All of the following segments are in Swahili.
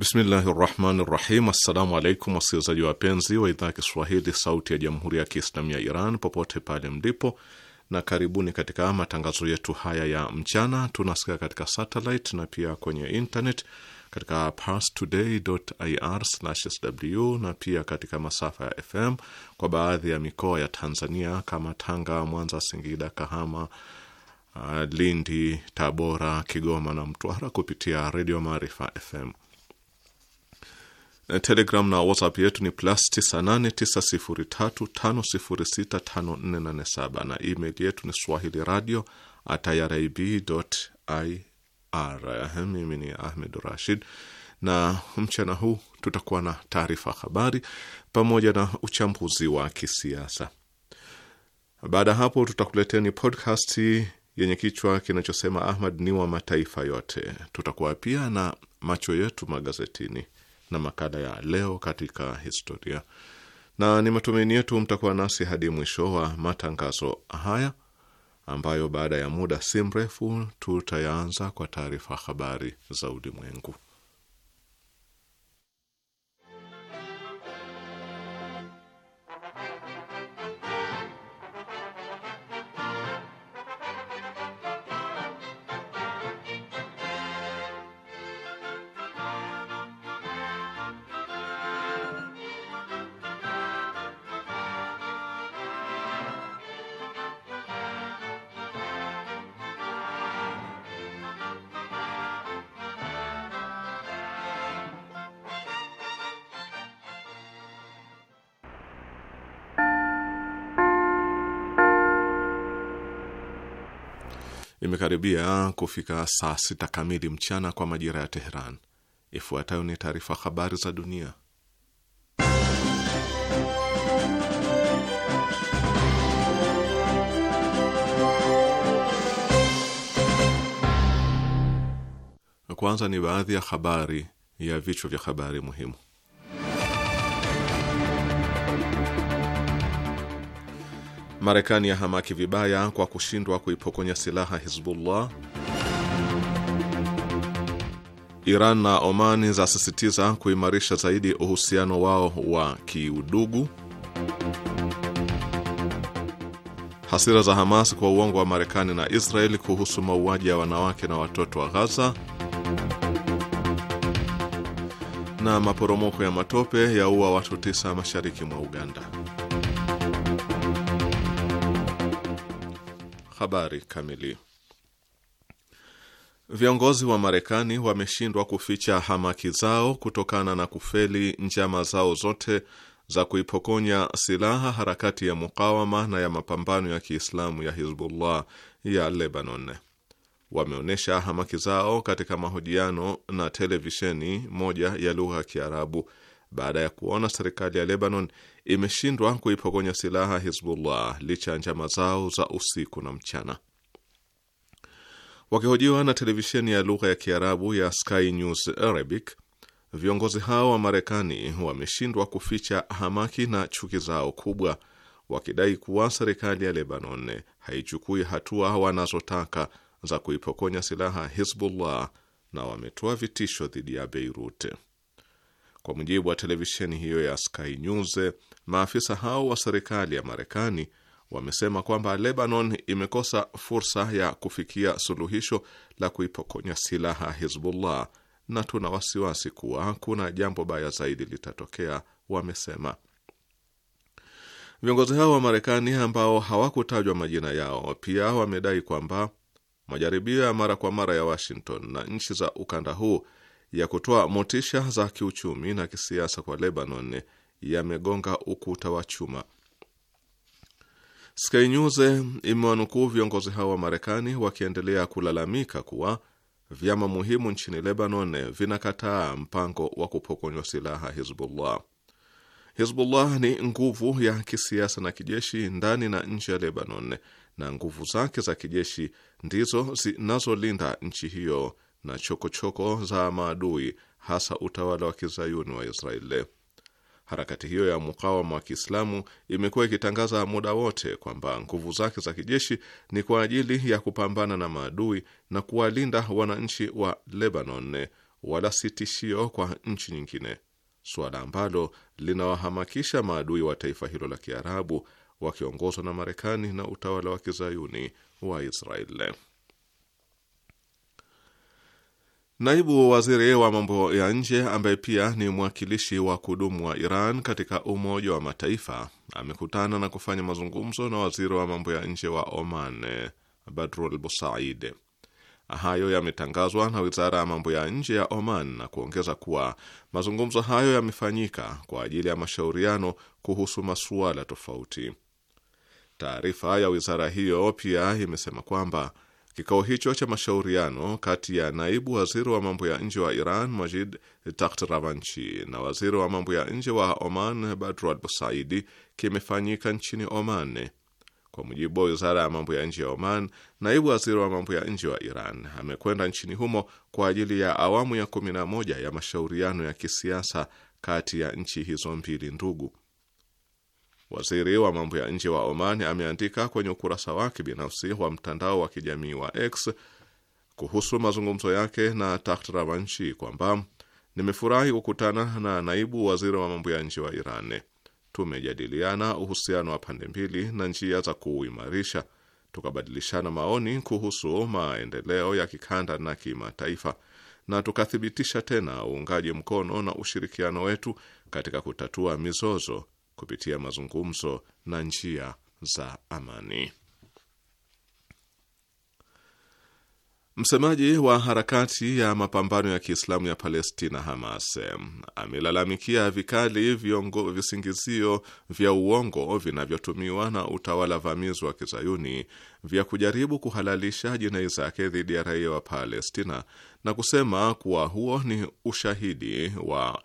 Bismillahi rahmani rahim. Assalamu alaikum wasikilizaji wapenzi wa idhaa ya Kiswahili sauti ya jamhuri ya Kiislamu ya Iran popote pale mlipo, na karibuni katika matangazo yetu haya ya mchana. Tunasikia katika satelit na pia kwenye internet katika parstoday.ir/sw na pia katika masafa ya FM kwa baadhi ya mikoa ya Tanzania kama Tanga, Mwanza, Singida, Kahama, Lindi, Tabora, Kigoma na Mtwara kupitia redio Maarifa FM. Eh, Telegram na WhatsApp yetu ni plus 989035065487 na email yetu ni swahili radio at eh, Mimi ni Ahmed Rashid, na mchana huu tutakuwa na taarifa habari pamoja na uchambuzi wa kisiasa. Baada ya hapo, tutakuleteni podcast yenye kichwa kinachosema Ahmad ni wa mataifa yote. Tutakuwa pia na macho yetu magazetini na makala ya leo katika historia, na ni matumaini yetu mtakuwa nasi hadi mwisho wa matangazo haya ambayo baada ya muda si mrefu tutayaanza kwa taarifa habari za ulimwengu. Imekaribia kufika saa sita kamili mchana kwa majira ya Teheran. Ifuatayo ni taarifa habari za dunia. Kwanza ni baadhi ya habari ya vichwa vya habari muhimu. Marekani ya hamaki vibaya kwa kushindwa kuipokonya silaha Hizbullah. Iran na Omani zasisitiza kuimarisha zaidi uhusiano wao wa kiudugu. Hasira za Hamas kwa uongo wa Marekani na Israeli kuhusu mauaji ya wanawake na watoto wa Gaza. Na maporomoko ya matope yaua watu tisa mashariki mwa Uganda. Habari kamili. Viongozi wa Marekani wameshindwa kuficha hamaki zao kutokana na kufeli njama zao zote za kuipokonya silaha harakati ya mukawama na ya mapambano ya Kiislamu ya Hizbullah ya Lebanon. Wameonyesha hamaki zao katika mahojiano na televisheni moja ya lugha ya Kiarabu baada ya kuona serikali ya Lebanon imeshindwa kuipokonya silaha Hizbullah licha ya njama zao za usiku na mchana. Wakihojiwa na televisheni ya lugha ya Kiarabu ya Sky News Arabic, viongozi hao wa Marekani wameshindwa kuficha hamaki na chuki zao kubwa, wakidai kuwa serikali ya Lebanon haichukui hatua wanazotaka za kuipokonya silaha Hizbullah na wametoa vitisho dhidi ya Beirut. Kwa mujibu wa televisheni hiyo ya Sky News, maafisa hao wa serikali ya Marekani wamesema kwamba Lebanon imekosa fursa ya kufikia suluhisho la kuipokonya silaha Hizbullah na tuna wasiwasi kuwa kuna jambo baya zaidi litatokea, wamesema. Viongozi hao wa Marekani ambao hawakutajwa majina yao pia wamedai kwamba majaribio ya mara kwa mara ya Washington na nchi za ukanda huu ya kutoa motisha za kiuchumi na kisiasa kwa Lebanon yamegonga ukuta wa chuma. Sky News imewanukuu viongozi hao wa Marekani wakiendelea kulalamika kuwa vyama muhimu nchini Lebanon vinakataa mpango wa kupokonywa silaha Hizbullah. Hizbullah ni nguvu ya kisiasa na kijeshi ndani na nje ya Lebanon, na nguvu zake za kijeshi ndizo zinazolinda nchi hiyo na chokochoko choko za maadui, hasa utawala wa kizayuni wa Israeli. Harakati hiyo ya mukawama wa Kiislamu imekuwa ikitangaza muda wote kwamba nguvu zake za kijeshi ni kwa ajili ya kupambana na maadui na kuwalinda wananchi wa Lebanon, wala si tishio kwa nchi nyingine, suala ambalo linawahamakisha maadui wa taifa hilo la Kiarabu wakiongozwa na Marekani na utawala wa kizayuni wa Israeli. Naibu waziri wa mambo ya nje ambaye pia ni mwakilishi wa kudumu wa Iran katika Umoja wa Mataifa amekutana na kufanya mazungumzo na waziri wa mambo ya nje wa Oman Badrul Busaid. Hayo yametangazwa na wizara ya mambo ya nje ya Oman na kuongeza kuwa mazungumzo hayo yamefanyika kwa ajili ya mashauriano kuhusu masuala tofauti. Taarifa ya wizara hiyo pia imesema kwamba Kikao hicho cha mashauriano kati ya naibu waziri wa mambo ya nje wa Iran Majid ravanchi na waziri wa mambo ya nje wa Oman Badr Busaidi kimefanyika nchini Oman. Kwa mujibu wa wizara ya mambo ya nje ya Oman, naibu waziri wa mambo ya nje wa Iran amekwenda nchini humo kwa ajili ya awamu ya 11 ya mashauriano ya kisiasa kati ya nchi hizo mbili ndugu. Waziri wa mambo ya nje wa Oman ameandika kwenye ukurasa wake binafsi wa mtandao wa kijamii wa X kuhusu mazungumzo yake na Takht Ravanchi kwamba nimefurahi kukutana na naibu waziri wa mambo ya nje wa Iran. Tumejadiliana uhusiano wa pande mbili na njia za kuuimarisha, tukabadilishana maoni kuhusu maendeleo ya kikanda na kimataifa, na tukathibitisha tena uungaji mkono na ushirikiano wetu katika kutatua mizozo kupitia mazungumzo na njia za amani. Msemaji wa harakati ya mapambano ya Kiislamu ya Palestina, Hamas, amelalamikia vikali viongo, visingizio vya uongo vinavyotumiwa na utawala vamizi wa kizayuni vya kujaribu kuhalalisha jinai zake dhidi ya raia wa Palestina na kusema kuwa huo ni ushahidi wa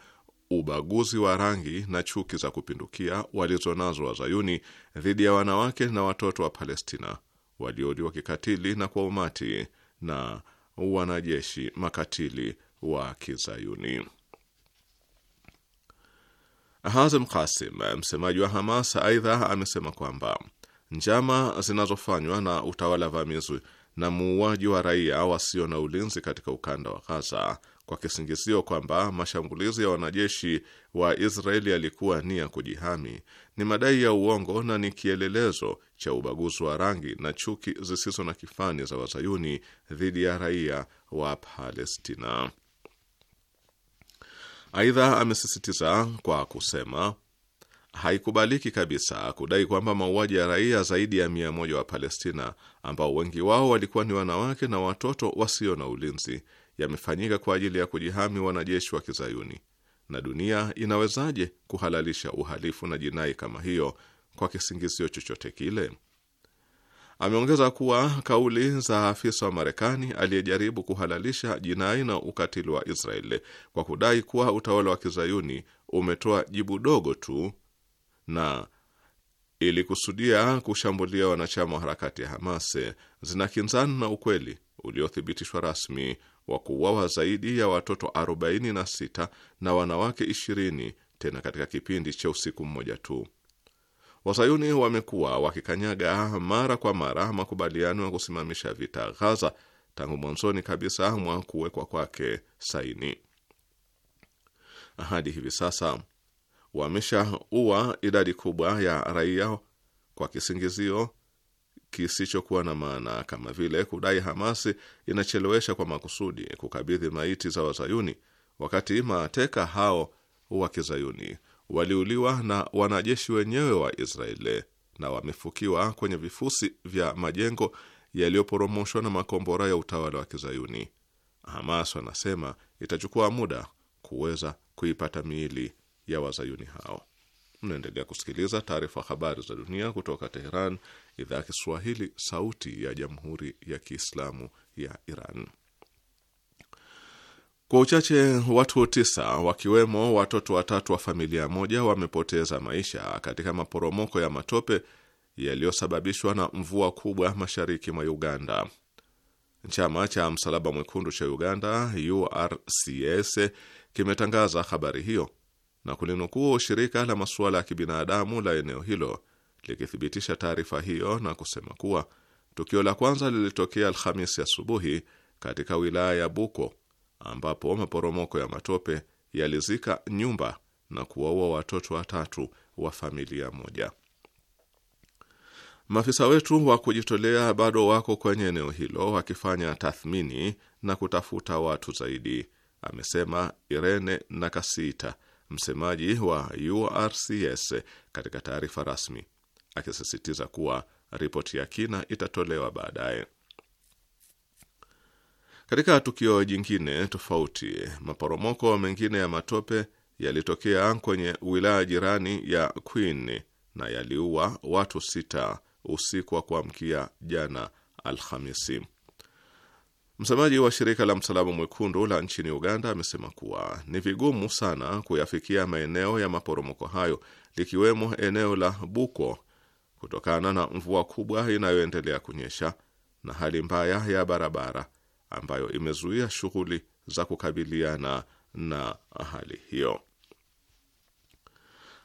ubaguzi wa rangi na chuki za kupindukia walizonazo wazayuni dhidi ya wanawake na watoto wa Palestina walioliwa kikatili na kwa umati na wanajeshi makatili wa kizayuni. Hazem Kasim, msemaji wa Hamas, aidha amesema kwamba njama zinazofanywa na utawala vamizi na muuaji wa raia wasio na ulinzi katika ukanda wa Ghaza kwa kisingizio kwamba mashambulizi ya wanajeshi wa Israeli yalikuwa ni ya kujihami, ni madai ya uongo na ni kielelezo cha ubaguzi wa rangi na chuki zisizo na kifani za wazayuni dhidi ya raia wa Palestina. Aidha, amesisitiza kwa kusema haikubaliki kabisa kudai kwamba mauaji ya raia zaidi ya mia moja wa Palestina ambao wengi wao walikuwa ni wanawake na watoto wasio na ulinzi yamefanyika kwa ajili ya kujihami wanajeshi wa Kizayuni, na dunia inawezaje kuhalalisha uhalifu na jinai kama hiyo kwa kisingizio chochote kile? Ameongeza kuwa kauli za afisa wa Marekani aliyejaribu kuhalalisha jinai na ukatili wa israel kwa kudai kuwa utawala wa Kizayuni umetoa jibu dogo tu na ilikusudia kushambulia wanachama wa harakati ya Hamas zinakinzana na ukweli uliothibitishwa rasmi wa kuuawa zaidi ya watoto 46 na wanawake 20 tena katika kipindi cha usiku mmoja tu. Wasayuni wamekuwa wakikanyaga mara kwa mara makubaliano ya kusimamisha vita Ghaza tangu mwanzoni kabisa mwa kuwekwa kwake saini. Hadi hivi sasa wameshaua idadi kubwa ya raia kwa kisingizio kisichokuwa na maana kama vile kudai Hamasi inachelewesha kwa makusudi kukabidhi maiti za Wazayuni, wakati mateka hao wa kizayuni waliuliwa na wanajeshi wenyewe wa Israeli na wamefukiwa kwenye vifusi vya majengo yaliyoporomoshwa na makombora ya utawala wa kizayuni. Hamas wanasema itachukua muda kuweza kuipata miili ya Wazayuni hao. Mnaendelea kusikiliza taarifa habari za dunia kutoka Teheran, idhaa ya Kiswahili, sauti ya jamhuri ya kiislamu ya Iran. Kwa uchache watu tisa wakiwemo watoto watatu wa familia moja wamepoteza maisha katika maporomoko ya matope yaliyosababishwa na mvua kubwa mashariki mwa Uganda. Chama cha Msalaba Mwekundu cha Uganda URCS kimetangaza habari hiyo na kulinukuu shirika la masuala ya kibinadamu la eneo hilo likithibitisha taarifa hiyo na kusema kuwa tukio la kwanza lilitokea Alhamisi asubuhi katika wilaya ya Buko ambapo maporomoko ya matope yalizika nyumba na kuwaua watoto watatu wa familia moja. Maafisa wetu wa kujitolea bado wako kwenye eneo hilo wakifanya tathmini na kutafuta watu zaidi, amesema Irene Nakasita, msemaji wa URCS katika taarifa rasmi akisisitiza kuwa ripoti ya kina itatolewa baadaye. Katika tukio jingine tofauti, maporomoko mengine ya matope yalitokea kwenye wilaya jirani ya Queen na yaliua watu sita usiku wa kuamkia jana Alhamisi. Msemaji wa shirika la Msalaba Mwekundu la nchini Uganda amesema kuwa ni vigumu sana kuyafikia maeneo ya maporomoko hayo likiwemo eneo la Buko kutokana na mvua kubwa inayoendelea kunyesha na hali mbaya ya barabara ambayo imezuia shughuli za kukabiliana na hali hiyo.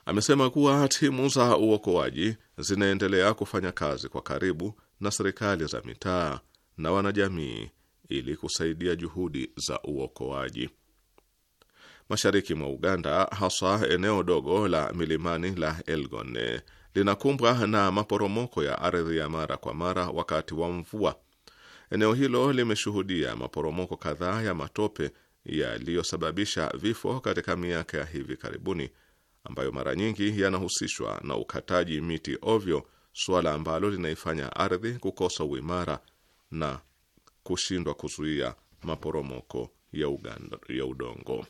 Amesema kuwa timu za uokoaji zinaendelea kufanya kazi kwa karibu na serikali za mitaa na wanajamii ili kusaidia juhudi za uokoaji. Mashariki mwa Uganda, haswa eneo dogo la milimani la Elgone linakumbwa na maporomoko ya ardhi ya mara kwa mara wakati wa mvua. Eneo hilo limeshuhudia maporomoko kadhaa ya matope yaliyosababisha vifo katika miaka ya hivi karibuni, ambayo mara nyingi yanahusishwa na ukataji miti ovyo, suala ambalo linaifanya ardhi kukosa uimara na kushindwa kuzuia maporomoko ya, ya udongo.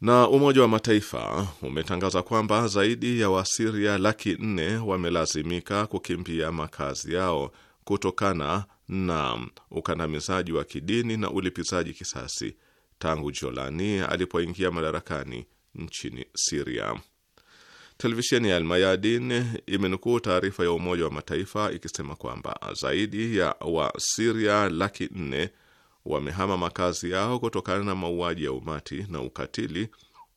Na Umoja wa Mataifa umetangaza kwamba zaidi ya Wasiria laki nne wamelazimika kukimbia makazi yao kutokana na ukandamizaji wa kidini na ulipizaji kisasi tangu Jolani alipoingia madarakani nchini Siria. Televisheni ya Almayadin imenukuu taarifa ya Umoja wa Mataifa ikisema kwamba zaidi ya Wasiria laki nne wamehama makazi yao kutokana na mauaji ya umati na ukatili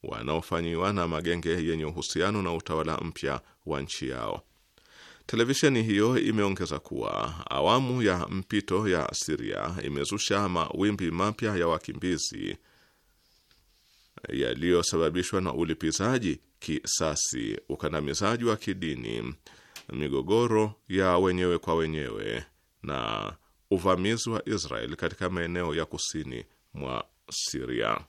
wanaofanyiwa na magenge yenye uhusiano na utawala mpya wa nchi yao. Televisheni hiyo imeongeza kuwa awamu ya mpito ya Siria imezusha mawimbi mapya ya wakimbizi yaliyosababishwa na ulipizaji kisasi, ukandamizaji wa kidini, migogoro ya wenyewe kwa wenyewe na uvamizi wa Israel katika maeneo ya kusini mwa Siria.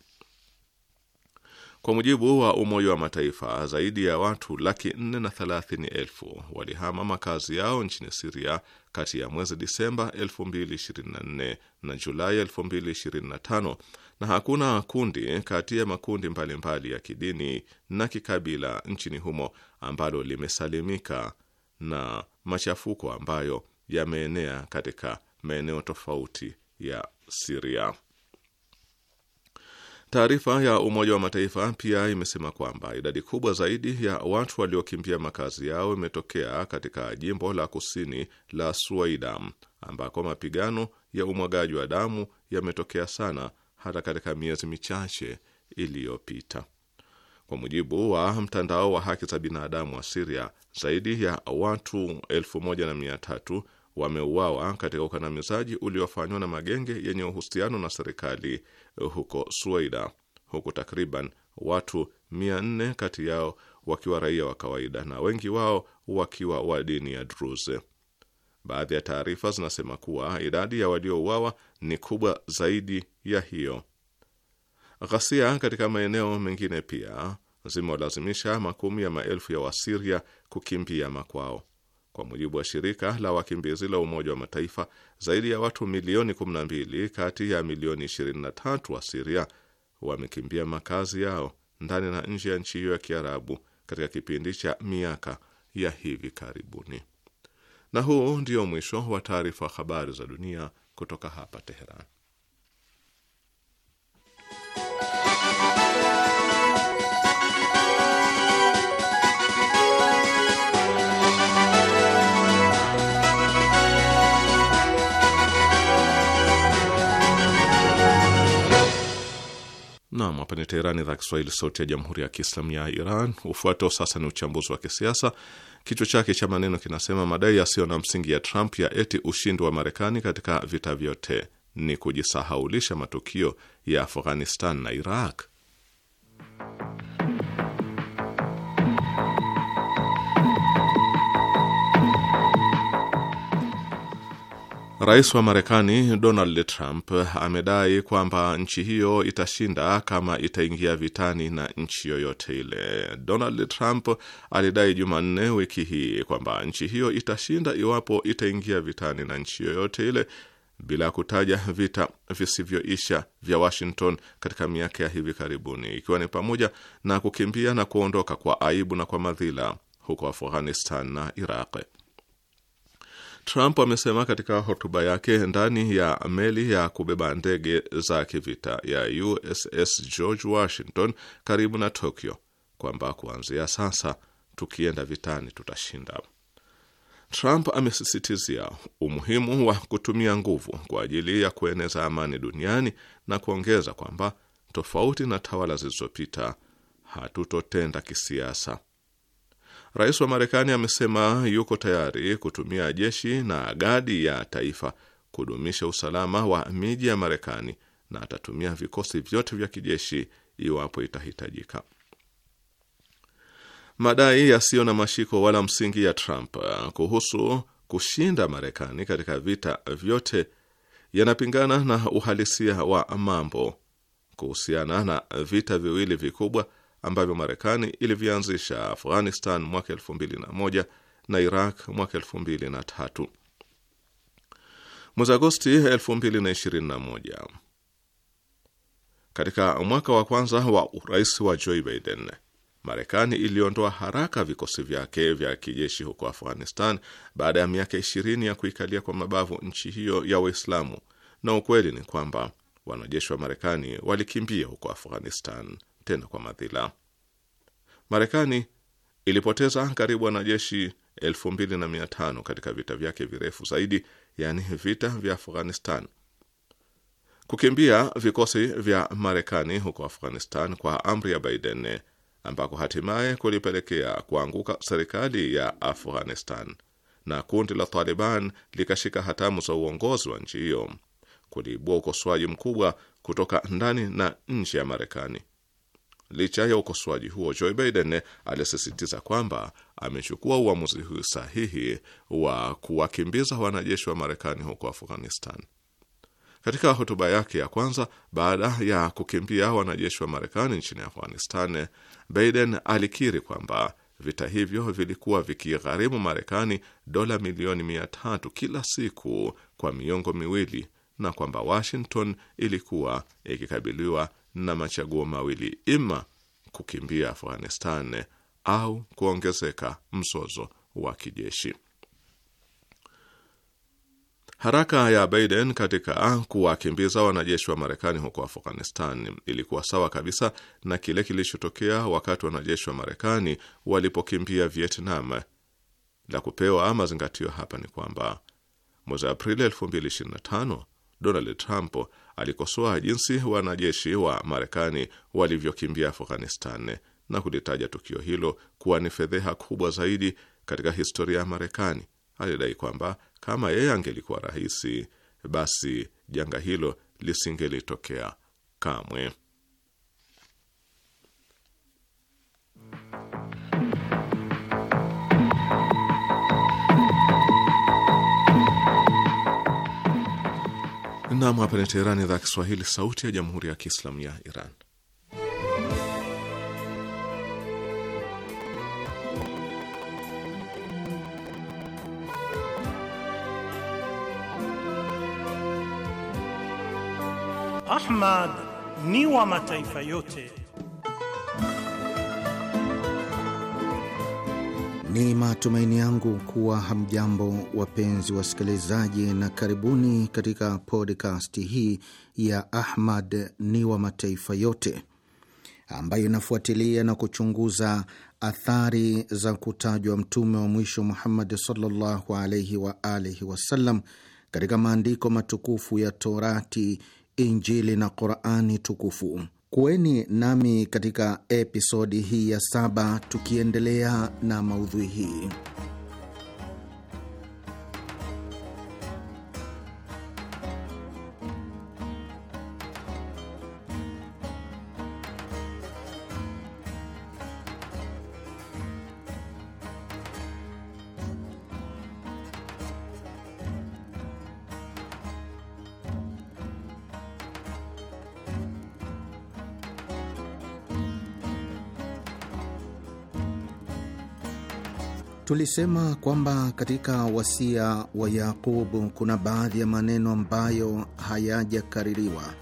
Kwa mujibu wa Umoja wa Mataifa, zaidi ya watu laki nne na thelathini elfu walihama makazi yao nchini Siria kati ya mwezi Disemba 2024 na Julai 2025, na hakuna kundi kati ya makundi mbalimbali mbali ya kidini na kikabila nchini humo ambalo limesalimika na machafuko ambayo yameenea katika maeneo tofauti ya Siria. Taarifa ya Umoja wa Mataifa pia imesema kwamba idadi kubwa zaidi ya watu waliokimbia makazi yao imetokea katika jimbo la kusini la Suaidam ambako mapigano ya umwagaji wa damu yametokea sana hata katika miezi michache iliyopita. Kwa mujibu wa mtandao wa haki za binadamu wa Siria, zaidi ya watu elfu moja na mia tatu wameuawa katika ukandamizaji uliofanywa na magenge yenye uhusiano na serikali huko Sweida, huku takriban watu 400 kati yao wakiwa raia wa kawaida na wengi wao wakiwa wa dini ya Druze. Baadhi ya taarifa zinasema kuwa idadi ya waliouawa ni kubwa zaidi ya hiyo. Ghasia katika maeneo mengine pia zimewalazimisha makumi ya maelfu ya Wasiria kukimbia makwao. Kwa mujibu wa shirika la wakimbizi la Umoja wa Mataifa, zaidi ya watu milioni 12 kati ya milioni 23 wa Siria wamekimbia makazi yao ndani na nje ya nchi hiyo ya Kiarabu katika kipindi cha miaka ya hivi karibuni. Na huu ndio mwisho wa taarifa habari za dunia kutoka hapa Teheran. Hapa ni Teherani, idhaa Kiswahili, sauti ya jamhuri ya kiislamu ya Iran. Ufuatao sasa ni uchambuzi wa kisiasa, kichwa chake cha maneno kinasema madai yasiyo na msingi ya Trump ya eti ushindi wa Marekani katika vita vyote ni kujisahaulisha matukio ya Afghanistan na Iraq. Rais wa Marekani Donald Trump amedai kwamba nchi hiyo itashinda kama itaingia vitani na nchi yoyote ile. Donald Trump alidai Jumanne wiki hii kwamba nchi hiyo itashinda iwapo itaingia vitani na nchi yoyote ile, bila kutaja vita visivyoisha vya Washington katika miaka ya hivi karibuni, ikiwa ni pamoja na kukimbia na kuondoka kwa aibu na kwa madhila huko Afghanistan na Iraq. Trump amesema katika hotuba yake ndani ya meli ya kubeba ndege za kivita ya USS George Washington karibu na Tokyo kwamba kuanzia sasa tukienda vitani tutashinda. Trump amesisitizia umuhimu wa kutumia nguvu kwa ajili ya kueneza amani duniani na kuongeza kwamba tofauti na tawala zilizopita hatutotenda kisiasa Rais wa Marekani amesema yuko tayari kutumia jeshi na gadi ya taifa kudumisha usalama wa miji ya Marekani na atatumia vikosi vyote vya kijeshi iwapo itahitajika. Madai yasiyo na mashiko wala msingi ya Trump kuhusu kushinda Marekani katika vita vyote yanapingana na uhalisia wa mambo kuhusiana na vita viwili vikubwa ambavyo Marekani ilivyanzisha Afghanistan mwaka mbili na Iraq mwaka tatu. Mwezi Agosti moja, katika mwaka wa kwanza wa urais wa Joe Biden, Marekani iliondoa haraka vikosi vyake vya kijeshi huko Afghanistan baada ya miaka 20 ya kuikalia kwa mabavu nchi hiyo ya Waislamu, na ukweli ni kwamba wanajeshi wa Marekani walikimbia huko Afghanistan tena kwa madhila. Marekani ilipoteza karibu wanajeshi elfu na katika vita vyake virefu zaidi, yaani vita vya Afghanistan. Kukimbia vikosi vya Marekani huko Afghanistan kwa amri ya Biden ambako hatimaye kulipelekea kuanguka serikali ya Afghanistan na kundi la Taliban likashika hatamu za uongozi wa nchi hiyo, kuliibua ukosoaji mkubwa kutoka ndani na nje ya Marekani. Licha ya ukosoaji huo, Joe Biden alisisitiza kwamba amechukua uamuzi huu sahihi wa kuwakimbiza wanajeshi wa Marekani huko Afghanistan. Katika hotuba yake ya kwanza baada ya kukimbia wanajeshi wa Marekani nchini Afghanistan, Biden alikiri kwamba vita hivyo vilikuwa vikigharimu Marekani dola milioni mia tatu kila siku kwa miongo miwili na kwamba Washington ilikuwa ikikabiliwa na machaguo mawili, ima kukimbia Afghanistan au kuongezeka mzozo wa kijeshi. Haraka ya Biden katika kuwakimbiza wanajeshi wa Marekani huko Afghanistan ilikuwa sawa kabisa na kile kilichotokea wakati wanajeshi wa Marekani walipokimbia Vietnam. La kupewa mazingatio hapa ni kwamba mwezi Aprili Donald Trump alikosoa jinsi wanajeshi wa Marekani walivyokimbia Afghanistan na kulitaja tukio hilo kuwa ni fedheha kubwa zaidi katika historia ya Marekani. Alidai kwamba kama yeye angelikuwa rais, basi janga hilo lisingelitokea kamwe. Nam, hapa ni Teherani, idhaa ya Kiswahili, sauti ya jamhuri ya kiislamu ya Iran. Ahmad ni wa mataifa yote Ni matumaini yangu kuwa hamjambo, wapenzi wasikilizaji, na karibuni katika podcast hii ya Ahmad ni wa mataifa yote ambayo inafuatilia na kuchunguza athari za kutajwa mtume wa mwisho Muhammad sallallahu alaihi wa alihi wasallam katika maandiko matukufu ya Torati, Injili na Qurani tukufu. Kuweni nami katika episodi hii ya saba tukiendelea na maudhui hii. Tulisema kwamba katika wasia wa Yaqubu kuna baadhi ya maneno ambayo hayajakaririwa.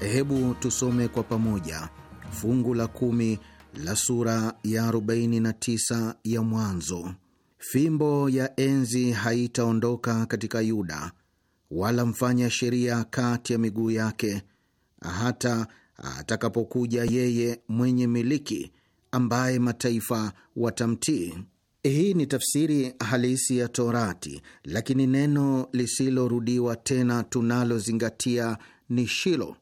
Hebu tusome kwa pamoja fungu la kumi la sura ya 49 ya Mwanzo. Fimbo ya enzi haitaondoka katika Yuda, wala mfanya sheria kati ya miguu yake, hata atakapokuja yeye mwenye miliki, ambaye mataifa watamtii. Hii ni tafsiri halisi ya Torati, lakini neno lisilorudiwa tena tunalozingatia ni Shilo.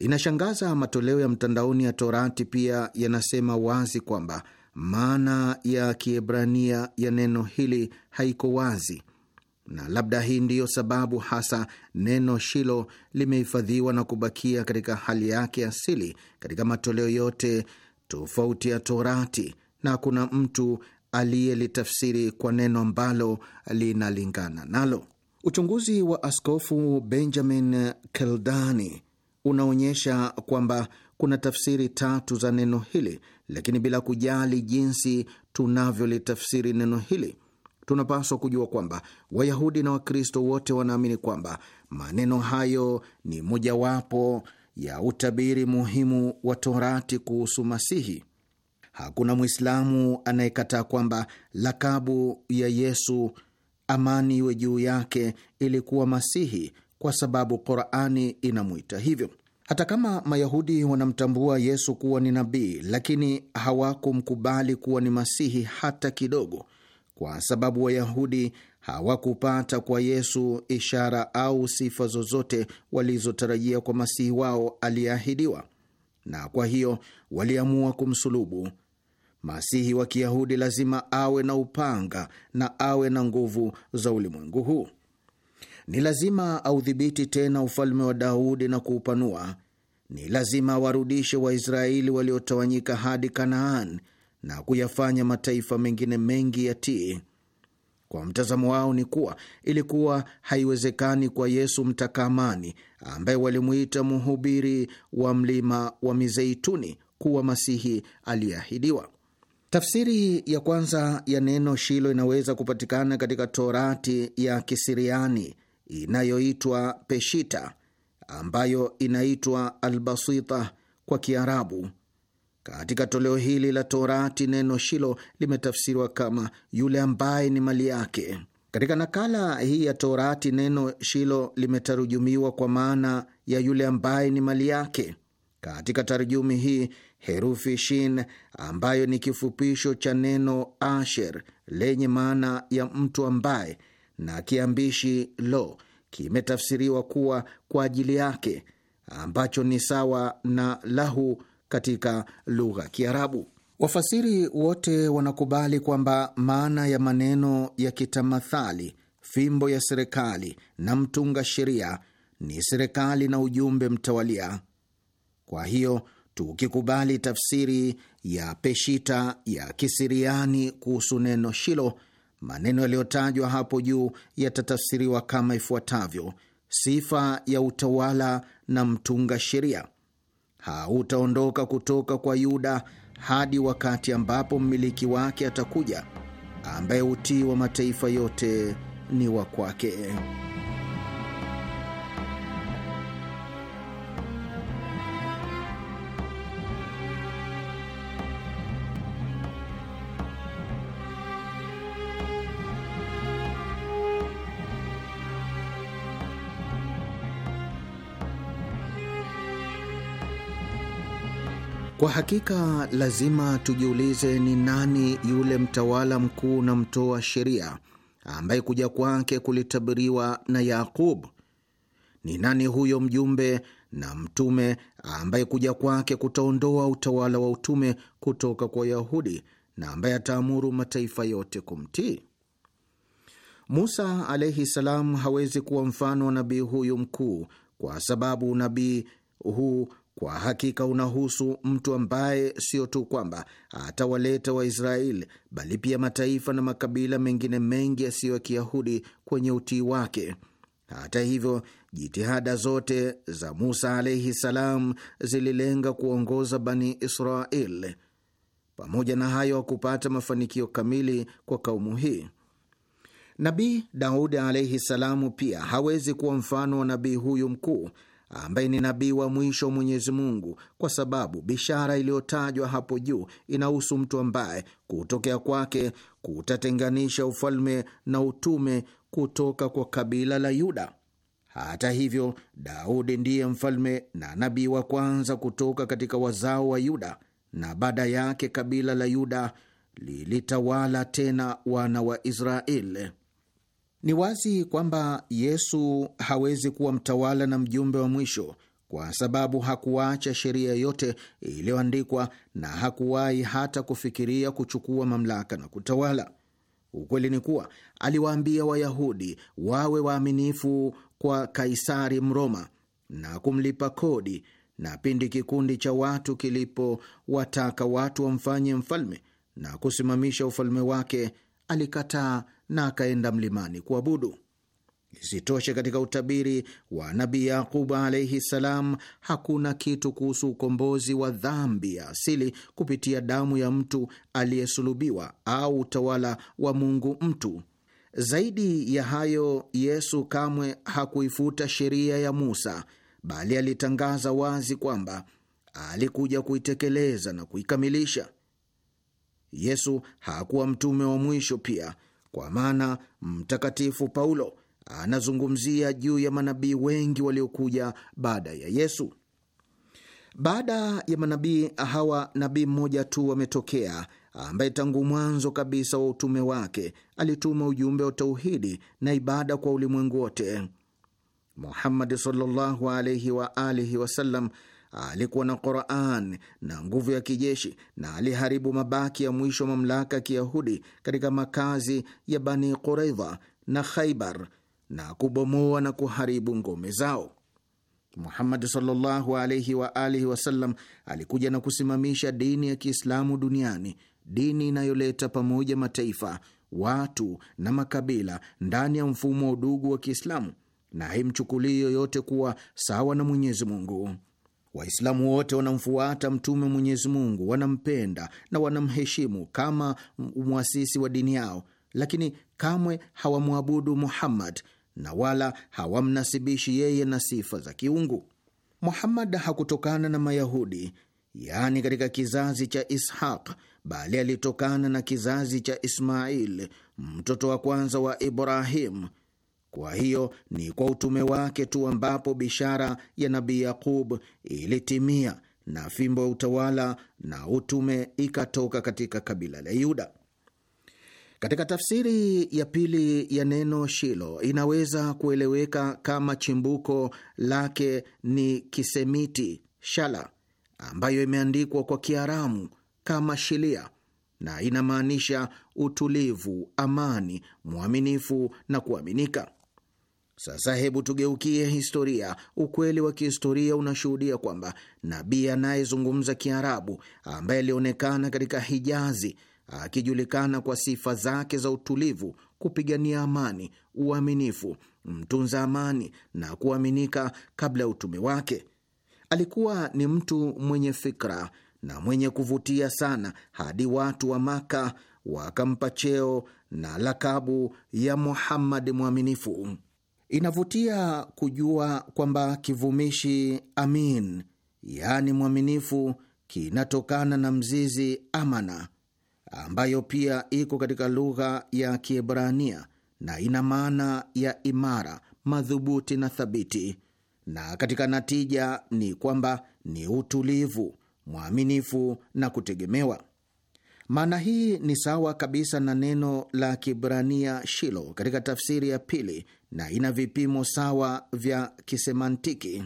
Inashangaza, matoleo ya mtandaoni ya Torati pia yanasema wazi kwamba maana ya Kiebrania ya neno hili haiko wazi, na labda hii ndiyo sababu hasa neno Shilo limehifadhiwa na kubakia katika hali yake asili katika matoleo yote tofauti ya Torati, na kuna mtu aliyelitafsiri kwa neno ambalo linalingana nalo. Uchunguzi wa Askofu Benjamin Keldani unaonyesha kwamba kuna tafsiri tatu za neno hili, lakini bila kujali jinsi tunavyolitafsiri neno hili, tunapaswa kujua kwamba Wayahudi na Wakristo wote wanaamini kwamba maneno hayo ni mojawapo ya utabiri muhimu wa Torati kuhusu Masihi. Hakuna Mwislamu anayekataa kwamba lakabu ya Yesu, amani iwe juu yake, ilikuwa Masihi, kwa sababu Qurani inamwita hivyo. Hata kama Mayahudi wanamtambua Yesu kuwa ni nabii, lakini hawakumkubali kuwa ni Masihi hata kidogo, kwa sababu Wayahudi hawakupata kwa Yesu ishara au sifa zozote walizotarajia kwa Masihi wao aliyeahidiwa, na kwa hiyo waliamua kumsulubu. Masihi wa Kiyahudi lazima awe na upanga na awe na nguvu za ulimwengu huu. Ni lazima audhibiti tena ufalme wa Daudi na kuupanua. Ni lazima awarudishe Waisraeli waliotawanyika hadi Kanaan na kuyafanya mataifa mengine mengi yatii. Kwa mtazamo wao ni kuwa ilikuwa haiwezekani kwa Yesu mtakamani ambaye walimuita mhubiri wa mlima wa Mizeituni kuwa masihi aliyeahidiwa. Tafsiri ya kwanza ya neno Shilo inaweza kupatikana katika Torati ya Kisiriani inayoitwa Peshita, ambayo inaitwa Albasita kwa Kiarabu. Katika toleo hili la Torati, neno Shilo limetafsiriwa kama yule ambaye ni mali yake. Katika nakala hii ya Torati, neno Shilo limetarujumiwa kwa maana ya yule ambaye ni mali yake. Katika tarjumi hii Herufi shin ambayo ni kifupisho cha neno asher lenye maana ya mtu ambaye, na kiambishi lo kimetafsiriwa kuwa kwa ajili yake, ambacho ni sawa na lahu katika lugha Kiarabu. Wafasiri wote wanakubali kwamba maana ya maneno ya kitamathali, fimbo ya serikali na mtunga sheria ni serikali na ujumbe mtawalia. Kwa hiyo tukikubali tafsiri ya Peshita ya Kisiriani kuhusu neno Shilo, maneno yaliyotajwa hapo juu yatatafsiriwa kama ifuatavyo: sifa ya utawala na mtunga sheria. Hautaondoka kutoka kwa Yuda hadi wakati ambapo mmiliki wake atakuja, ambaye utii wa mataifa yote ni wa kwake. Kwa hakika lazima tujiulize, ni nani yule mtawala mkuu na mtoa sheria ambaye kuja kwake kulitabiriwa na Yaqub? Ni nani huyo mjumbe na mtume ambaye kuja kwake kutaondoa utawala wa utume kutoka kwa Wayahudi na ambaye ataamuru mataifa yote kumtii? Musa alaihi salam hawezi kuwa mfano wa nabii huyu mkuu, kwa sababu nabii huu kwa hakika unahusu mtu ambaye sio tu kwamba atawaleta Waisraeli bali pia mataifa na makabila mengine mengi yasiyo ya Kiyahudi kwenye utii wake. Hata hivyo, jitihada zote za Musa alaihi salam zililenga kuongoza Bani Israel. Pamoja na hayo, hakupata mafanikio kamili kwa kaumu hii Nabii Daudi alaihi salamu pia hawezi kuwa mfano wa nabii huyu mkuu ambaye ni nabii wa mwisho Mwenyezi Mungu, kwa sababu bishara iliyotajwa hapo juu inahusu mtu ambaye kutokea kwake kutatenganisha ufalme na utume kutoka kwa kabila la Yuda. Hata hivyo, Daudi ndiye mfalme na nabii wa kwanza kutoka katika wazao wa Yuda, na baada yake kabila la Yuda lilitawala tena wana wa Israeli. Ni wazi kwamba Yesu hawezi kuwa mtawala na mjumbe wa mwisho kwa sababu hakuacha sheria yote iliyoandikwa na hakuwahi hata kufikiria kuchukua mamlaka na kutawala. Ukweli ni kuwa aliwaambia Wayahudi wawe waaminifu kwa Kaisari Mroma na kumlipa kodi, na pindi kikundi cha watu kilipowataka watu wamfanye mfalme na kusimamisha ufalme wake, alikataa na akaenda mlimani kuabudu. Isitoshe, katika utabiri wa Nabii Yaquba alaihi salam hakuna kitu kuhusu ukombozi wa dhambi ya asili kupitia damu ya mtu aliyesulubiwa au utawala wa Mungu mtu. Zaidi ya hayo, Yesu kamwe hakuifuta sheria ya Musa, bali alitangaza wazi kwamba alikuja kuitekeleza na kuikamilisha. Yesu hakuwa mtume wa mwisho pia, kwa maana Mtakatifu Paulo anazungumzia juu ya manabii wengi waliokuja baada ya Yesu. Baada ya manabii hawa, nabii mmoja tu wametokea ambaye tangu mwanzo kabisa wa utume wake alituma ujumbe wa tauhidi na ibada kwa ulimwengu wote. Muhammadi sallallahu alaihi wa alihi wasallam alikuwa na Qur'an na nguvu ya kijeshi na aliharibu mabaki ya mwisho wa mamlaka ya Kiyahudi katika makazi ya Bani Quraidha na Khaibar na kubomoa na kuharibu ngome zao. Muhammad sallallahu wa alihi wasallam alikuja na kusimamisha dini ya Kiislamu duniani, dini inayoleta pamoja mataifa, watu na makabila ndani ya mfumo wa udugu wa Kiislamu, na haimchukulii yoyote kuwa sawa na Mwenyezi Mungu. Waislamu wote wanamfuata Mtume Mwenyezi Mungu, wanampenda na wanamheshimu kama mwasisi wa dini yao, lakini kamwe hawamwabudu Muhammad na wala hawamnasibishi yeye na sifa za kiungu. Muhammad hakutokana na Mayahudi, yaani katika kizazi cha Ishaq, bali alitokana na kizazi cha Ismail, mtoto wa kwanza wa Ibrahim. Kwa hiyo ni kwa utume wake tu ambapo bishara ya Nabii Yaqub ilitimia na fimbo ya utawala na utume ikatoka katika kabila la Yuda. Katika tafsiri ya pili ya neno Shilo inaweza kueleweka kama chimbuko lake ni Kisemiti shala, ambayo imeandikwa kwa Kiaramu kama Shilia na inamaanisha utulivu, amani, mwaminifu na kuaminika. Sasa hebu tugeukie historia. Ukweli wa kihistoria unashuhudia kwamba nabii anayezungumza Kiarabu ambaye alionekana katika Hijazi akijulikana kwa sifa zake za utulivu, kupigania amani, uaminifu, mtunza amani na kuaminika, kabla ya utume wake alikuwa ni mtu mwenye fikra na mwenye kuvutia sana, hadi watu wa Maka wakampa cheo na lakabu ya Muhammad mwaminifu. Inavutia kujua kwamba kivumishi amin, yaani mwaminifu, kinatokana na mzizi amana, ambayo pia iko katika lugha ya Kiebrania na ina maana ya imara, madhubuti na thabiti, na katika natija ni kwamba ni utulivu, mwaminifu na kutegemewa. Maana hii ni sawa kabisa na neno la Kibrania shilo katika tafsiri ya pili na ina vipimo sawa vya kisemantiki.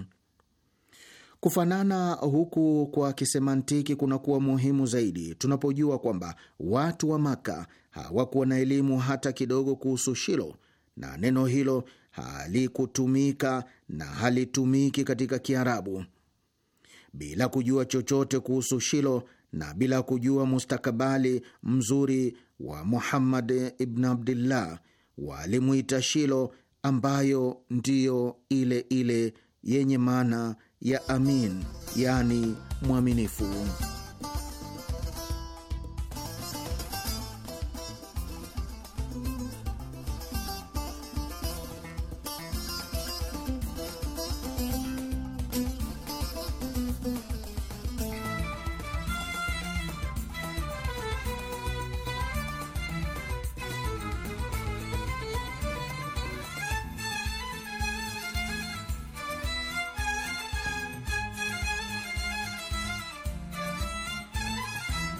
Kufanana huku kwa kisemantiki kunakuwa muhimu zaidi tunapojua kwamba watu wa Maka hawakuwa na elimu hata kidogo kuhusu Shilo, na neno hilo halikutumika na halitumiki katika Kiarabu. Bila kujua chochote kuhusu Shilo, na bila kujua mustakabali mzuri wa Muhammad ibn Abdillah walimwita Shilo, ambayo ndiyo ile ile yenye maana ya amin, yani mwaminifu.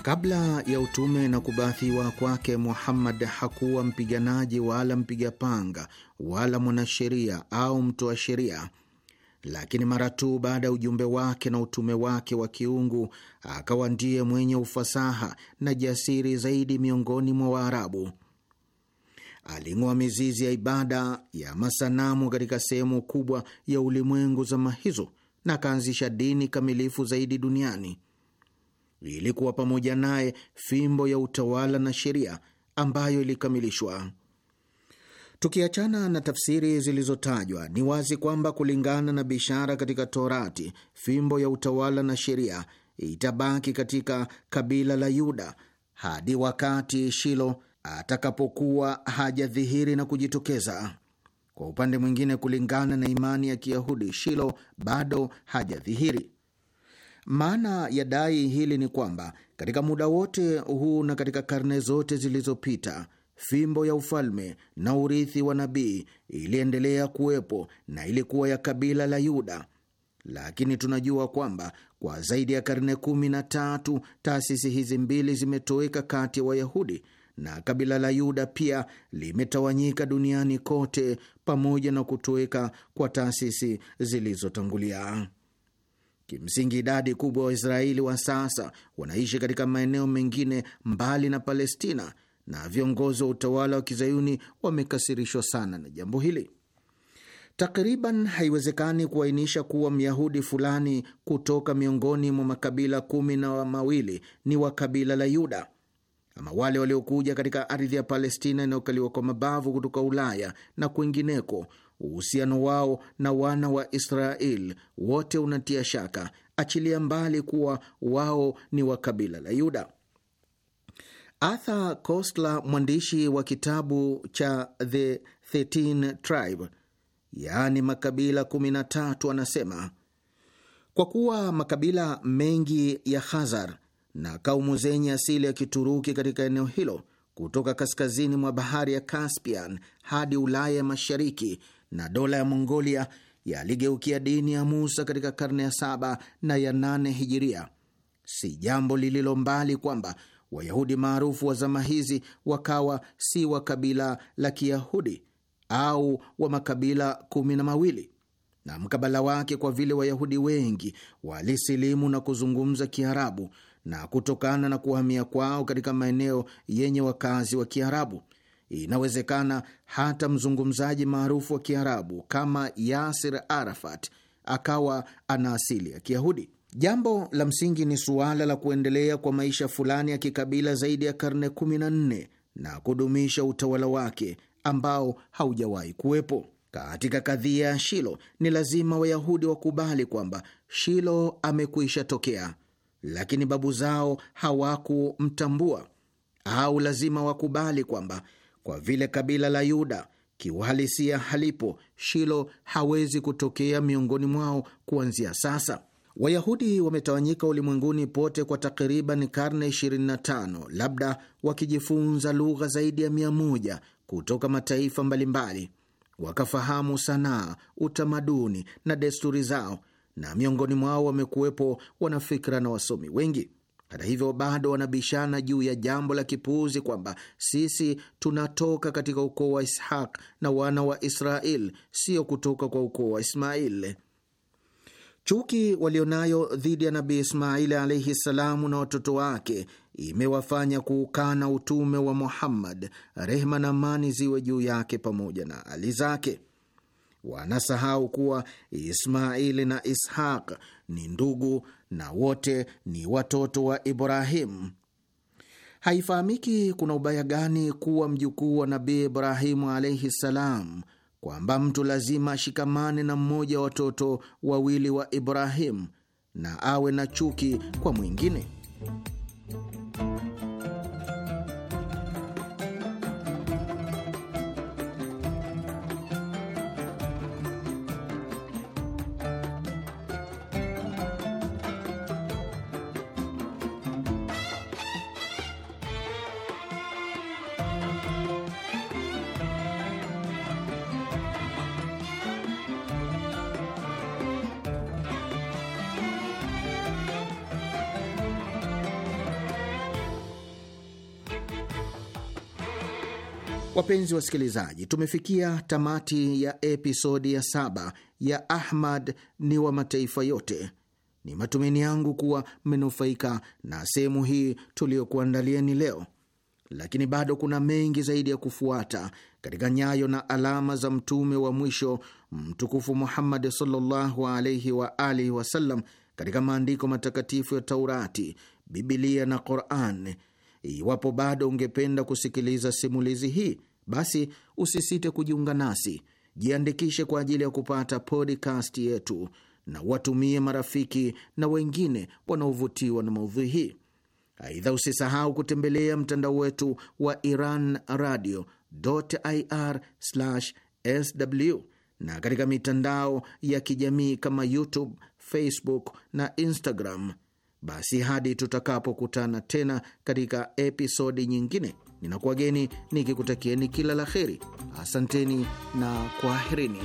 Kabla ya utume na kubaathiwa kwake, Muhammad hakuwa mpiganaji wala mpiga panga wala mwanasheria au mtoa sheria, lakini mara tu baada ya ujumbe wake na utume wake wa kiungu akawa ndiye mwenye ufasaha na jasiri zaidi miongoni mwa Waarabu. Aling'oa mizizi ya ibada ya masanamu katika sehemu kubwa ya ulimwengu zama hizo na akaanzisha dini kamilifu zaidi duniani ilikuwa pamoja naye fimbo ya utawala na sheria ambayo ilikamilishwa. Tukiachana na tafsiri zilizotajwa, ni wazi kwamba kulingana na bishara katika Torati, fimbo ya utawala na sheria itabaki katika kabila la Yuda hadi wakati Shilo atakapokuwa hajadhihiri na kujitokeza. Kwa upande mwingine, kulingana na imani ya Kiyahudi, Shilo bado hajadhihiri. Maana ya dai hili ni kwamba katika muda wote huu na katika karne zote zilizopita fimbo ya ufalme na urithi wa nabii iliendelea kuwepo na ilikuwa ya kabila la Yuda, lakini tunajua kwamba kwa zaidi ya karne kumi na tatu taasisi hizi mbili zimetoweka kati ya wa Wayahudi na kabila la Yuda pia limetawanyika duniani kote, pamoja na kutoweka kwa taasisi zilizotangulia. Kimsingi, idadi kubwa ya Waisraeli wa sasa wanaishi katika maeneo mengine mbali na Palestina, na viongozi wa utawala wa kizayuni wamekasirishwa sana na jambo hili. Takriban haiwezekani kuainisha kuwa myahudi fulani kutoka miongoni mwa makabila kumi na mawili ni wa kabila la Yuda ama wale waliokuja katika ardhi ya Palestina inayokaliwa kwa mabavu kutoka Ulaya na kwingineko Uhusiano wao na wana wa Israel wote unatia shaka, achilia mbali kuwa wao ni wa kabila la Yuda. Arthur Koestler, mwandishi wa kitabu cha The 13 Tribe, yaani makabila 13, anasema kwa kuwa makabila mengi ya Khazar na kaumu zenye asili ya Kituruki katika eneo hilo kutoka kaskazini mwa bahari ya Caspian hadi Ulaya ya Mashariki na dola ya Mongolia yaligeukia dini ya Musa katika karne ya saba na ya nane hijiria. Si jambo lililo mbali kwamba Wayahudi maarufu wa zama hizi wakawa si wa kabila la Kiyahudi au wa makabila kumi na mawili na mkabala wake, kwa vile Wayahudi wengi walisilimu na kuzungumza Kiarabu na kutokana na kuhamia kwao katika maeneo yenye wakazi wa Kiarabu Inawezekana hata mzungumzaji maarufu wa Kiarabu kama Yasir Arafat akawa ana asili ya Kiyahudi. Jambo la msingi ni suala la kuendelea kwa maisha fulani ya kikabila zaidi ya karne 14 na kudumisha utawala wake ambao haujawahi kuwepo. Katika kadhia ya Shilo, ni lazima Wayahudi wakubali kwamba Shilo amekwisha tokea, lakini babu zao hawakumtambua, au lazima wakubali kwamba kwa vile kabila la Yuda kiuhalisia halipo, Shilo hawezi kutokea miongoni mwao kuanzia sasa. Wayahudi wametawanyika ulimwenguni pote kwa takriban karne 25, labda wakijifunza lugha zaidi ya 100 kutoka mataifa mbalimbali, wakafahamu sanaa, utamaduni na desturi zao, na miongoni mwao wamekuwepo wanafikra na wasomi wengi. Hata hivyo bado wanabishana juu ya jambo la kipuuzi kwamba sisi tunatoka katika ukoo wa Ishaq na wana wa Israel, sio kutoka kwa ukoo wa Ismail. Chuki walionayo dhidi ya Nabii Ismaili alaihi ssalamu na watoto wake imewafanya kuukana utume wa Muhammad, rehma na amani ziwe juu yake pamoja na ali zake wanasahau kuwa Ismaili na Ishaq ni ndugu na wote ni watoto wa Ibrahimu. Haifahamiki kuna ubaya gani kuwa mjukuu wa Nabii Ibrahimu alaihi ssalam, kwamba mtu lazima ashikamane na mmoja wa watoto wawili wa Ibrahimu na awe na chuki kwa mwingine. Wapenzi wasikilizaji, tumefikia tamati ya episodi ya saba ya Ahmad ni wa mataifa yote. Ni matumaini yangu kuwa mmenufaika na sehemu hii tuliyokuandalieni leo, lakini bado kuna mengi zaidi ya kufuata katika nyayo na alama za mtume wa mwisho mtukufu Muhammad sallallahu alaihi wa alihi wasallam katika maandiko matakatifu ya Taurati, Bibilia na Quran. Iwapo bado ungependa kusikiliza simulizi hii basi usisite kujiunga nasi. Jiandikishe kwa ajili ya kupata podcast yetu na watumie marafiki na wengine wanaovutiwa na maudhui hii. Aidha, usisahau kutembelea mtandao wetu wa Iran Radio ir sw na katika mitandao ya kijamii kama YouTube, Facebook na Instagram. Basi hadi tutakapokutana tena katika episodi nyingine Ninakuwageni nikikutakieni kila la heri. Asanteni na kwaherini.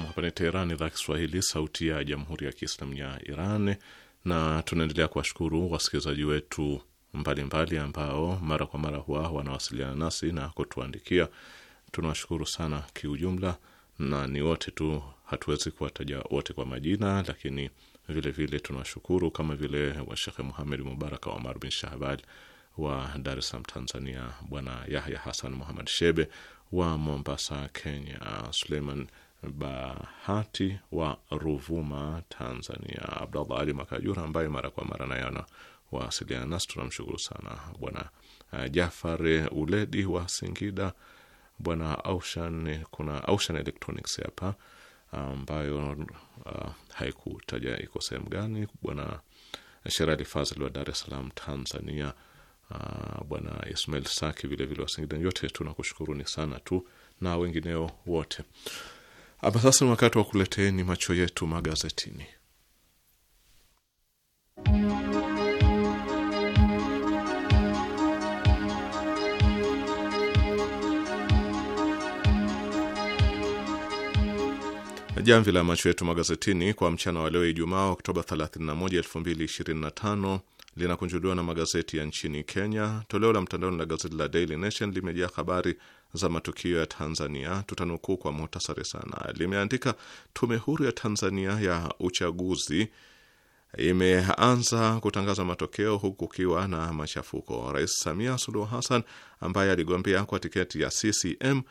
Salaam. Hapa ni Teherani, idhaa Kiswahili, sauti ya jamhuri ya kiislamu ya Iran, na tunaendelea kuwashukuru wasikilizaji wetu mbalimbali ambao mara kwa mara huwa wanawasiliana nasi na kutuandikia. Tunawashukuru sana kiujumla, na ni wote tu, hatuwezi kuwataja wote kwa majina, lakini vilevile tunawashukuru kama vile washekhe Muhamed Mubaraka wa Omar bin Shahbal wa Dar es Salaam, Tanzania, Bwana Yahya Hasan Muhamad Shebe wa Mombasa, Kenya, Suleiman Bahati wa Ruvuma, Tanzania. Abdallah Ali Makajura ambaye mara kwa mara naye anawasiliana nasi, tunamshukuru sana. Bwana eh, Jafar Uledi wa Singida, bwana Aushan, kuna Aushan Electronics hapa ambayo uh, haikutaja iko sehemu gani. Bwana Sherali Fazl wa Dar es Salaam, Tanzania. Uh, bwana Ismail Saki vilevile wa Singida, yote tunakushukuruni sana tu na wengineo wote hapa sasa ni wakati wa kuleteeni macho yetu magazetini. Jamvi la macho yetu magazetini kwa mchana wa leo Ijumaa, Oktoba 31, 2025 linakunjuliwa na magazeti ya nchini Kenya. Toleo la mtandaoni la gazeti la Daily Nation limejaa habari za matukio ya Tanzania tutanukuu kwa muhtasari sana. Limeandika, tume huru ya Tanzania ya uchaguzi imeanza kutangaza matokeo huku kukiwa na machafuko. Rais Samia Suluhu Hassan ambaye aligombea kwa tiketi ya CCM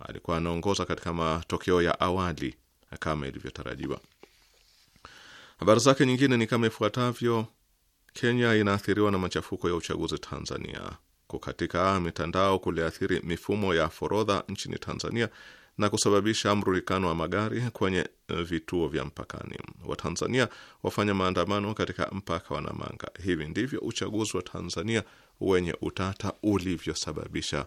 alikuwa anaongoza katika matokeo ya awali kama ilivyotarajiwa. Habari zake nyingine ni kama ifuatavyo: Kenya inaathiriwa na machafuko ya uchaguzi Tanzania kukatika mitandao kuliathiri mifumo ya forodha nchini Tanzania na kusababisha mrurikano wa magari kwenye eh, vituo vya mpakani. Watanzania wafanya maandamano katika mpaka wa Namanga. Hivi ndivyo uchaguzi wa Tanzania wenye utata ulivyosababisha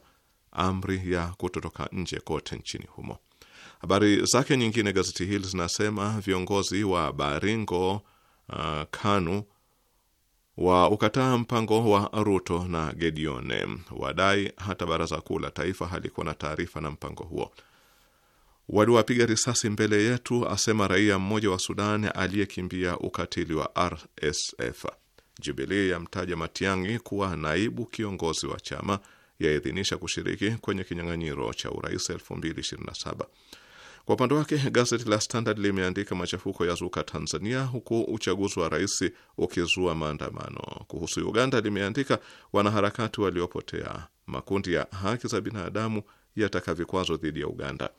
amri ya kutotoka nje kote nchini humo. Habari zake nyingine, gazeti hili zinasema viongozi wa Baringo, uh, KANU wa ukataa mpango wa Ruto na Gedione, wadai hata baraza kuu la taifa halikuwa na taarifa na mpango huo. Waliwapiga risasi mbele yetu, asema raia mmoja wa Sudan aliyekimbia ukatili wa RSF. Jubilii yamtaja Matiang'i kuwa naibu kiongozi wa chama, yaidhinisha kushiriki kwenye kinyang'anyiro cha urais 2027. Kwa upande wake gazeti la Standard limeandika machafuko ya zuka Tanzania, huku uchaguzi wa rais ukizua maandamano. Kuhusu Uganda limeandika wanaharakati waliopotea, makundi ya haki za binadamu yataka vikwazo dhidi ya Uganda.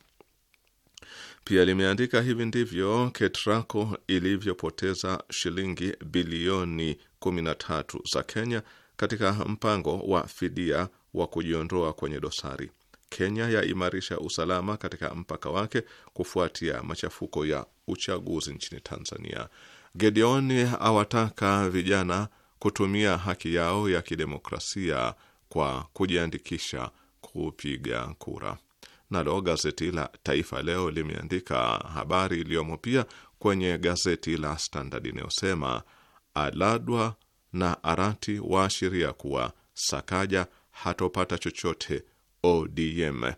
Pia limeandika hivi ndivyo KETRACO ilivyopoteza shilingi bilioni 13 za Kenya katika mpango wa fidia wa kujiondoa kwenye dosari. Kenya yaimarisha usalama katika mpaka wake kufuatia machafuko ya uchaguzi nchini Tanzania. Gedeon awataka vijana kutumia haki yao ya kidemokrasia kwa kujiandikisha kupiga kura. Nalo gazeti la Taifa Leo limeandika habari iliyomo pia kwenye gazeti la Standard inayosema Aladwa na Arati waashiria kuwa Sakaja hatopata chochote ODM.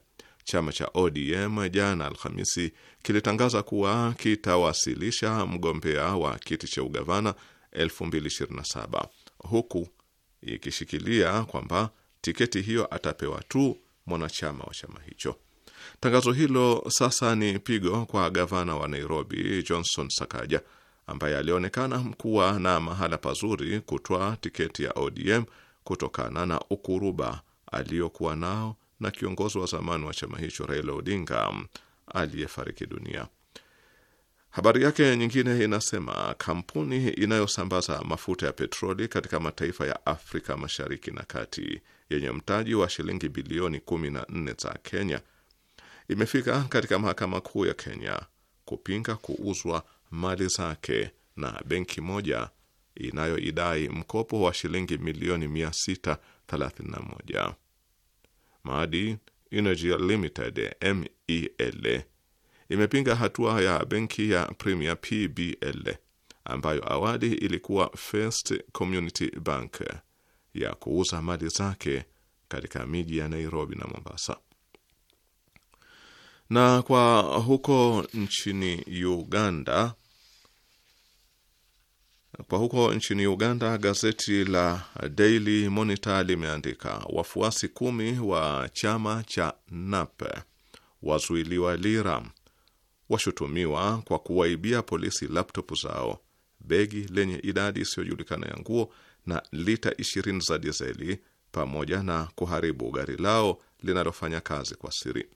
Chama cha ODM jana Alhamisi kilitangaza kuwa kitawasilisha mgombea wa kiti cha ugavana 2027 huku ikishikilia kwamba tiketi hiyo atapewa tu mwanachama wa chama hicho. Tangazo hilo sasa ni pigo kwa gavana wa Nairobi Johnson Sakaja ambaye alionekana kuwa na mahala pazuri kutoa tiketi ya ODM kutokana na ukuruba aliyokuwa nao na kiongozi wa zamani wa chama hicho Raila Odinga aliyefariki dunia. Habari yake nyingine inasema kampuni inayosambaza mafuta ya petroli katika mataifa ya Afrika Mashariki na Kati yenye mtaji wa shilingi bilioni 14 za Kenya imefika katika mahakama kuu ya Kenya kupinga kuuzwa mali zake na benki moja inayoidai mkopo wa shilingi milioni 631. Maadi Energy Limited MEL imepinga hatua ya benki ya Premier PBL ambayo awali ilikuwa First Community Bank ya kuuza mali zake katika miji ya Nairobi na Mombasa. Na kwa huko nchini Uganda kwa huko nchini Uganda, gazeti la Daily Monitor limeandika wafuasi kumi wa chama cha NAP wazuiliwa Lira, washutumiwa kwa kuwaibia polisi laptop zao, begi lenye idadi isiyojulikana ya nguo na lita 20 za dizeli, pamoja na kuharibu gari lao linalofanya kazi kwa siri.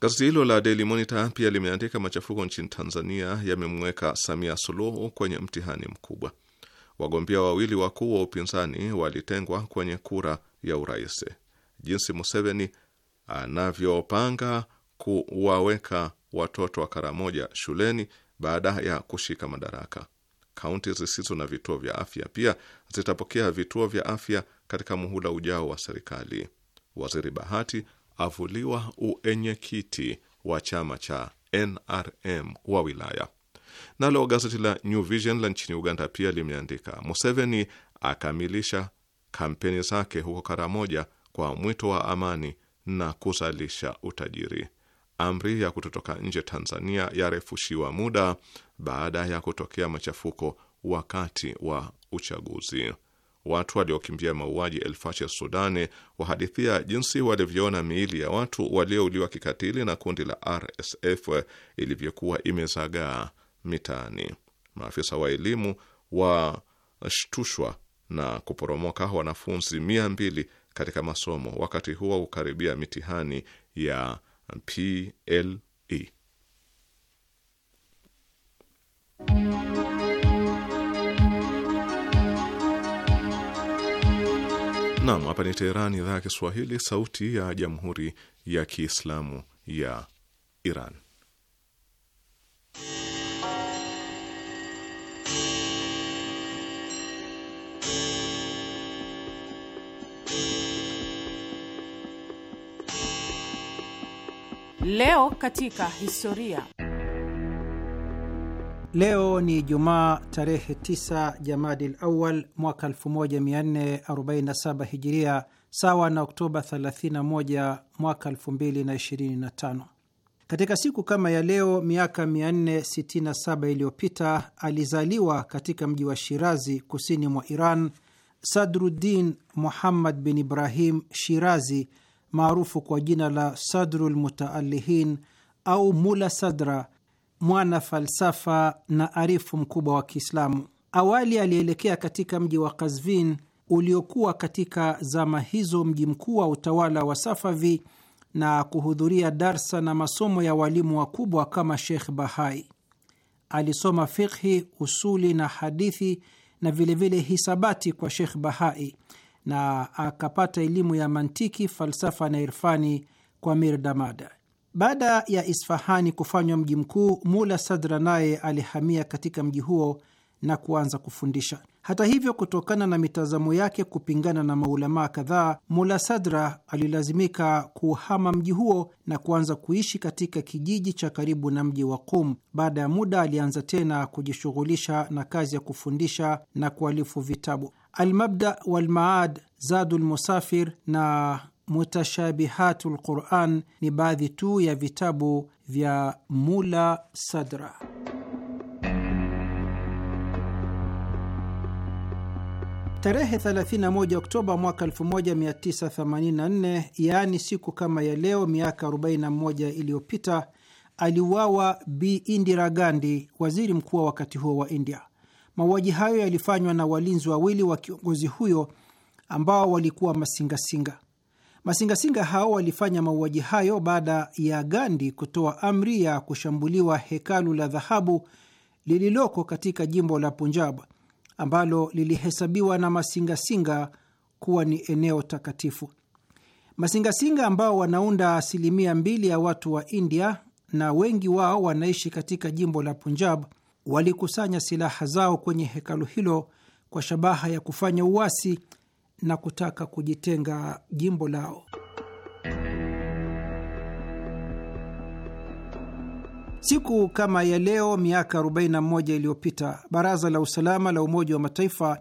Gazeti hilo la Daily Monitor pia limeandika machafuko nchini Tanzania yamemweka Samia Suluhu kwenye mtihani mkubwa. Wagombea wawili wakuu wa upinzani walitengwa kwenye kura ya urais. Jinsi Museveni anavyopanga kuwaweka watoto wa Karamoja shuleni baada ya kushika madaraka. Kaunti zisizo na vituo vya afya pia zitapokea vituo vya afya katika muhula ujao wa serikali. Waziri Bahati avuliwa uenyekiti wa chama cha NRM wa wilaya. Nalo gazeti la New Vision la nchini Uganda pia limeandika Museveni akamilisha kampeni zake huko Karamoja kwa mwito wa amani na kuzalisha utajiri. Amri ya kutotoka nje Tanzania yarefushiwa muda baada ya kutokea machafuko wakati wa uchaguzi watu waliokimbia mauaji Elfasher Sudani wahadithia jinsi walivyoona miili ya watu waliouliwa kikatili na kundi la RSF ilivyokuwa imezagaa mitaani. Maafisa wa elimu washtushwa na kuporomoka wanafunzi mia mbili katika masomo wakati huo kukaribia mitihani ya PLE. Naam, hapa ni Teheran, idhaa ya Kiswahili, sauti ya jamhuri ya kiislamu ya Iran. Leo katika historia. Leo ni Jumaa tarehe 9 Jamadil Awal mwaka 1447 Hijiria, sawa na Oktoba 31 mwaka 2025. Katika siku kama ya leo miaka 467 iliyopita alizaliwa katika mji wa Shirazi kusini mwa Iran Sadruddin Muhammad bin Ibrahim Shirazi maarufu kwa jina la Sadrul Mutaalihin au Mula Sadra mwana falsafa na arifu mkubwa wa Kiislamu. Awali alielekea katika mji wa Kazvin uliokuwa katika zama hizo mji mkuu wa utawala wa Safavi na kuhudhuria darsa na masomo ya walimu wakubwa kama Sheikh Bahai. Alisoma fikhi, usuli na hadithi na vilevile vile hisabati kwa Sheikh Bahai na akapata elimu ya mantiki, falsafa na irfani kwa Mir Damada. Baada ya Isfahani kufanywa mji mkuu, Mula Sadra naye alihamia katika mji huo na kuanza kufundisha. Hata hivyo, kutokana na mitazamo yake kupingana na maulamaa kadhaa, Mula Sadra alilazimika kuhama mji huo na kuanza kuishi katika kijiji cha karibu na mji wa Qum. Baada ya muda, alianza tena kujishughulisha na kazi ya kufundisha na kualifu vitabu. Almabda walmaad, Zadul Musafir na Mutashabihatu Quran ni baadhi tu ya vitabu vya Mula Sadra. Tarehe 31 Oktoba mwaka 1984, yaani siku kama ya leo miaka 41 iliyopita, aliuawa Bi Indira Gandhi, waziri mkuu wa wakati huo wa India. Mauaji hayo yalifanywa na walinzi wawili wa kiongozi huyo ambao walikuwa masingasinga. Masingasinga hao walifanya mauaji hayo baada ya Gandhi kutoa amri ya kushambuliwa hekalu la dhahabu lililoko katika jimbo la Punjab ambalo lilihesabiwa na masingasinga kuwa ni eneo takatifu. Masingasinga ambao wanaunda asilimia mbili ya watu wa India na wengi wao wanaishi katika jimbo la Punjab walikusanya silaha zao kwenye hekalu hilo kwa shabaha ya kufanya uasi na kutaka kujitenga jimbo lao. Siku kama ya leo miaka 41 iliyopita Baraza la Usalama la Umoja wa Mataifa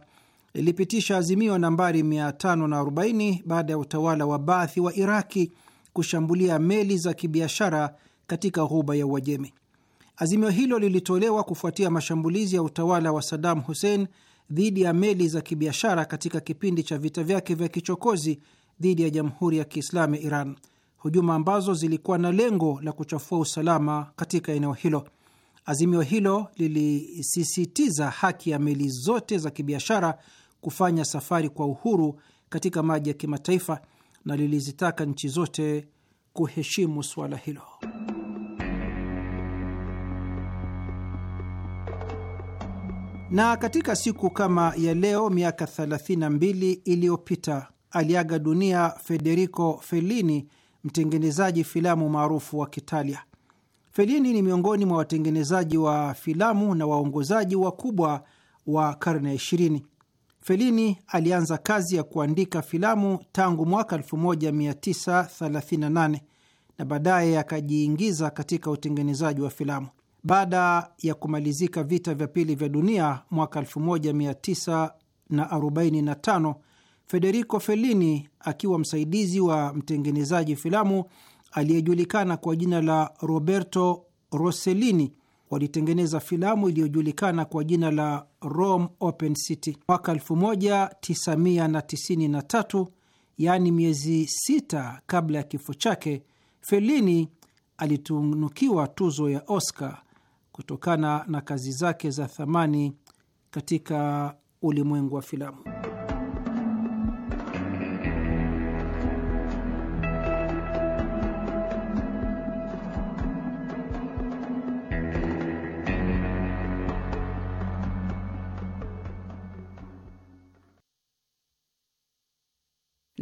lilipitisha azimio nambari 540 baada ya utawala wa Baathi wa Iraki kushambulia meli za kibiashara katika ghuba ya Uajemi. Azimio hilo lilitolewa kufuatia mashambulizi ya utawala wa Saddam Hussein dhidi ya meli za kibiashara katika kipindi cha vita vyake vya kichokozi dhidi ya Jamhuri ya Kiislamu ya Iran, hujuma ambazo zilikuwa na lengo la kuchafua usalama katika eneo hilo. Azimio hilo lilisisitiza haki ya meli zote za kibiashara kufanya safari kwa uhuru katika maji ya kimataifa na lilizitaka nchi zote kuheshimu suala hilo. Na katika siku kama ya leo miaka 32 iliyopita aliaga dunia Federico Fellini, mtengenezaji filamu maarufu wa Kitalia. Fellini ni miongoni mwa watengenezaji wa filamu na waongozaji wakubwa wa karne ya 20. Fellini alianza kazi ya kuandika filamu tangu mwaka 1938 na baadaye akajiingiza katika utengenezaji wa filamu baada ya kumalizika vita vya pili vya dunia mwaka 1945, Federico Fellini akiwa msaidizi wa mtengenezaji filamu aliyejulikana kwa jina la Roberto Rossellini walitengeneza filamu iliyojulikana kwa jina la Rome Open City mwaka 1993, yaani miezi sita kabla ya kifo chake. Fellini alitunukiwa tuzo ya Oscar kutokana na kazi zake za thamani katika ulimwengu wa filamu.